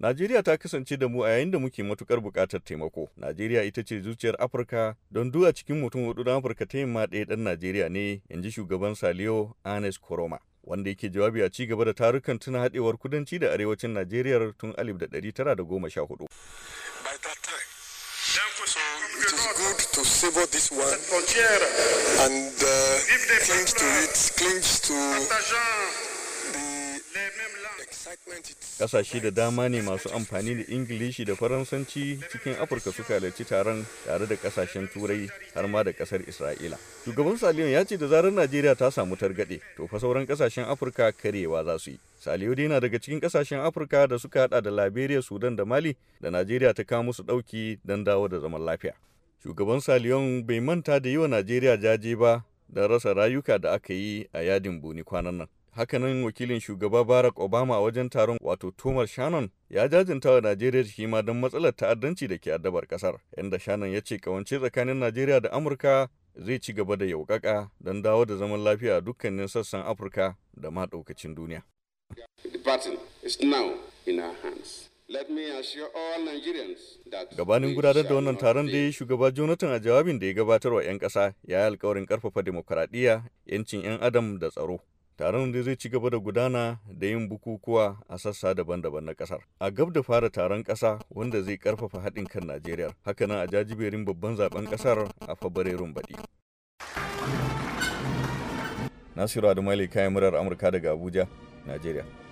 Najeriya ta kasance da mu a yayin da muke matukar bukatar taimako. Najeriya ita ce zuciyar Afirka don duwa cikin mutum hudu na Afirka ta yin ɗaya ɗan Najeriya ne, in ji shugaban Saliyo Anes Koroma. Wanda yake jawabi a ci gaba da tarukan tuna haɗewar kudanci da arewacin Najeriya tun alif So it tara good to sha this one Ƙasashe da dama ne masu amfani da Ingilishi da Faransanci cikin Afirka suka halarci taron tare da ƙasashen Turai har ma da ƙasar Isra'ila. Shugaban Saliyon ya ce da zarar Najeriya ta samu targaɗe, to fa sauran ƙasashen Afirka karewa za su yi. Saliyo dai na daga cikin ƙasashen Afirka da suka haɗa da Liberia, Sudan da Mali da Najeriya ta kawo musu ɗauki don dawo da zaman lafiya. Shugaban Saliyon bai manta da yi wa Najeriya jaje ba da rasa rayuka da aka yi a yadin buni kwanan nan. hakanan wakilin shugaba barack obama a wajen taron wato thomas shannon ya jajinta wa najeriya shi ma don matsalar ta'addanci da ke addabar kasar inda shannon ya ce kawance tsakanin najeriya da amurka zai ci gaba da yaukaka don dawo da zaman lafiya a dukkanin sassan afirka da ma daukacin duniya Gabanin gudanar da wannan taron da ya shugaba Jonathan a jawabin da ya gabatar wa 'yan ƙasa ya yi alkawarin karfafa demokuraɗiyya, 'yancin 'yan adam da tsaro. Taron da zai ci gaba da gudana da yin bukukuwa a sassa daban-daban na kasar. A gab da fara taron kasa wanda zai karfafa haɗin kan Najeriya, hakanan a jajiberin babban zaben kasar a Fabrairun baɗi. Nasiru Adamali kayan murar Amurka daga Abuja, Najeriya.